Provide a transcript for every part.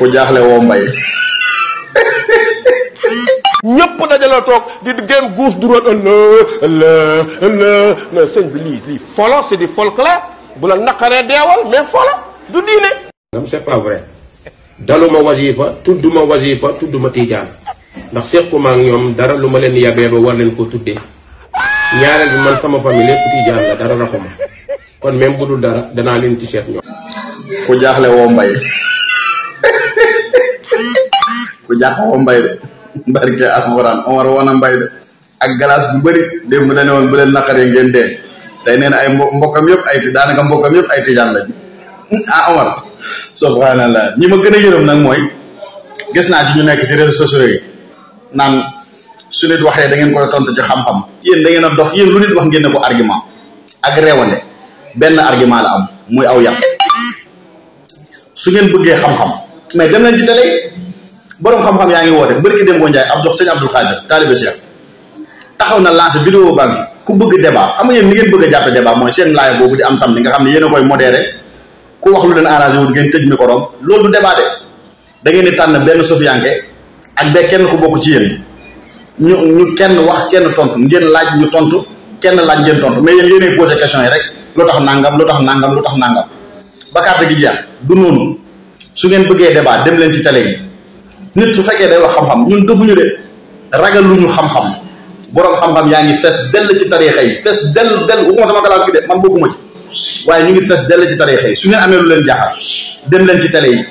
ku jaaxle woo mbay ñëpp dajaloo toog di génn guus du root allah allah na sëñ bi lii lii folo c'est du folklore bu la naqaree deewal mais folo du diine nam c'est pas vrai daluma wasifa tudduma wasifa tudduma tiijaan ndax séquma ñoom dara lu ma leen yabee ba war leen ko tuddee ñaareel bi man sama famille lépp tiijaan la dara raxuma kon même bu dul dara danaa leen ci seet ñoom ku jaaxle woo mbay njàqoo mbay de barke alxuraan Omar woon mbay de ak galaas bu bëri démb mu dane woon bu leen naqaree ngeen dee tey nee na ay mbo mbokkam yëpp ay ti daanaka mbokkam yëpp ay tijaan lañ hmm, ah Omar subhanallah ñi ma gën a yërëm nag mooy gis naa ci ñu nekk ci réseaux sociaux yi su nit waxee da ngeen koy tontu ci xam-xam yéen da ngeen a dof yéen lu nit wax ngeen ne ko argument ak réewande benn argument la am muy aw yàq su ngeen bëggee xam-xam mais dem leen ci télé borom xam-xam yaa ngi woote bërki Demba Ndiaye Abdou sëñ Abdou Khadir taalibe Cheikh taxaw na lancé vidéo baa ku bëgg débat xam nga yéen ni ngeen bëgg a jàppe débat mooy seen laay boobu di am sam ni nga xam ne yéen a koy modéré ku wax lu leen arrangé ngeen tëj micro loolu du de da ngeen di tànn benn sofiyanke ak ba kenn ku bokk ci yéen ñu ñu kenn wax kenn tontu ngeen laaj ñu tontu kenn laaj ngeen tontu mais yéen yéenay posé question yi rek lu tax nangam lu tax nangam lu tax nangam ba carte gi jeex du noonu su ngeen bëggee débat dem leen ci télé nit su fekke day wax xam-xam ñun defuñu de ragal ragaluñu xam-xam borom xam-xam yaangi fess del ci tariixa fess del del wu ko sama galaas ki de man bokkuma ci waye ñu ngi fess del ci tariixa yi su ngeen amee lu leen jaxal dem leen ci télé yi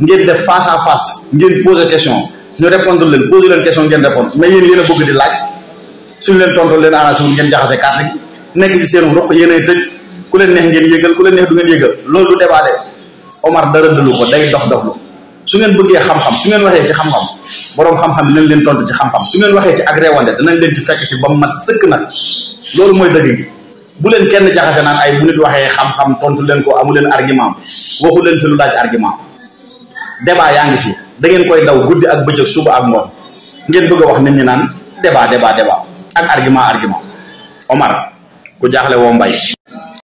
ngeen def face à face ngeen poser question ñu répondre leen poser leen question ngeen répondre mais yéen yeena bëgg di laaj suñu leen tontu leen arrangé suñu ngeen jaxase carte gi nek ci seen ruq yéen ay tëj ku leen neex ngeen yëgal ku leen neex du ngeen yëgal loolu débat de Omar dara dëlu ko day dox dox lu su ngeen bëggee xam-xam su ngeen waxee ci xam-xam boroom xam-xam dinañ leen tontu ci xam-xam su ngeen waxee ci ak réewande dana leen ci fekk si ba mat sëkk nag loolu mooy dëgg gi bu leen kenn jaxase naan ay bu nit waxee xam-xam tontu leen ko amuleen leen argument waxu leen fi lu laaj argument débat yaa ngi fi da ngeen koy daw guddi ak bëccëg suba ak ngoon ngeen bëgg a wax nit ñi naan débat débat débat ak argument argument Omar ku jaaxle woo mbay